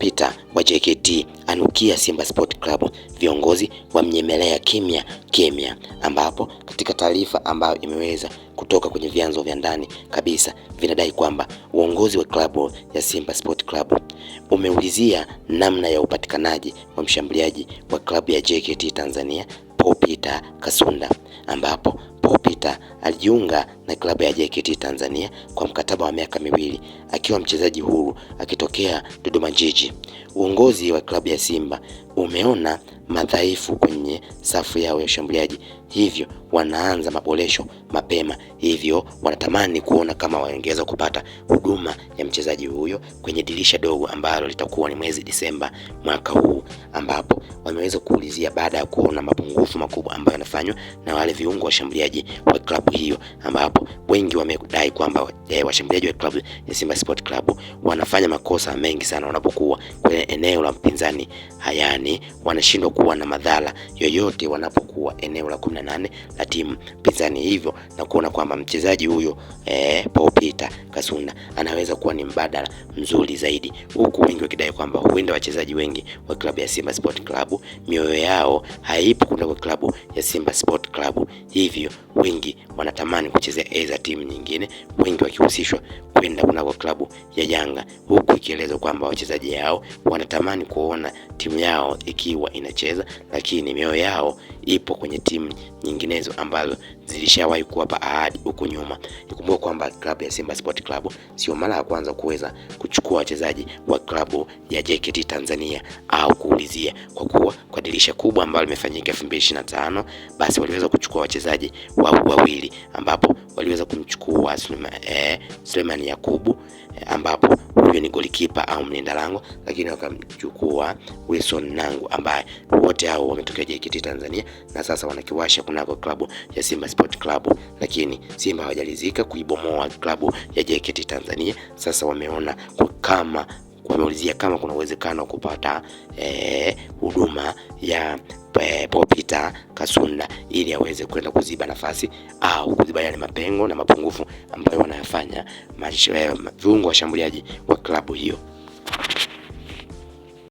uliopita wa JKT anukia Simba Sport Club, viongozi wamnyemelea kimya kimya, ambapo katika taarifa ambayo imeweza kutoka kwenye vyanzo vya ndani kabisa vinadai kwamba uongozi wa klabu ya Simba Sport Club umeulizia namna ya upatikanaji wa mshambuliaji wa klabu ya JKT Tanzania Paul Peter Kasunda ambapo ulipopita alijiunga na klabu ya JKT Tanzania kwa mkataba wa miaka miwili akiwa mchezaji huru akitokea Dodoma Jiji. Uongozi wa klabu ya Simba umeona madhaifu kwenye safu yao ya ushambuliaji, hivyo wanaanza maboresho mapema, hivyo wanatamani kuona kama wangeweza kupata huduma ya mchezaji huyo kwenye dirisha dogo ambalo litakuwa ni mwezi Disemba mwaka huu, ambapo wameweza kuulizia baada ya kuona mapungufu makubwa ambayo yanafanywa na wale viungo washambuliaji wa klabu hiyo, ambapo wengi wamedai kwamba eh, washambuliaji wa klabu ya eh, Simba Sport Club wanafanya makosa mengi sana wanapokuwa kwenye eneo la mpinzani hayani yani wanashindwa kuwa na madhara yoyote wanapokuwa eneo la 18 la timu pinzani, hivyo na kuona kwamba mchezaji huyo eh, Paul Peter Kasunda anaweza kuwa ni mbadala mzuri zaidi, huku wengi wakidai kwamba huenda wachezaji wengi wa klabu ya Simba Sport Club mioyo yao haipo kwenda kwa klabu ya Simba Sport Club, hivyo wengi wanatamani kuchezea eza timu nyingine, wengi wakihusishwa kwenda kunako klabu ya Yanga, huku ikielezwa kwamba wachezaji hao wanatamani kuona timu yao ikiwa inacheza, lakini mioyo yao ipo kwenye timu nyinginezo ambazo zilishawahi kuwapa ahadi huko nyuma. ikumbuka kwamba klabu ya Simba Sport Club sio mara ya kwanza kuweza kuchukua wachezaji wa klabu ya JKT Tanzania au kuulizia, kwa kuwa kwa dirisha kubwa ambalo limefanyika 2025 basi waliweza kuchukua wachezaji wa wawili ambapo waliweza kumchukua Suleiman, eh, Suleiman Yakubu eh, ambapo huyo ni golikipa au mlinda lango, lakini wakamchukua Wilson Nangu ambaye wote hao wametokea JKT Tanzania na sasa wanakiwasha kunako klabu ya Simba Sport Club, lakini Simba hawajalizika kuibomoa klabu ya JKT Tanzania. Sasa wameona kwa kama wameulizia kama kuna uwezekano wa kupata eh, huduma eh, ya Eh, Popita Kasunda ili aweze kwenda kuziba nafasi au kuziba yale mapengo na mapungufu ambayo wanayafanya eh, viungo washambuliaji wa klabu hiyo.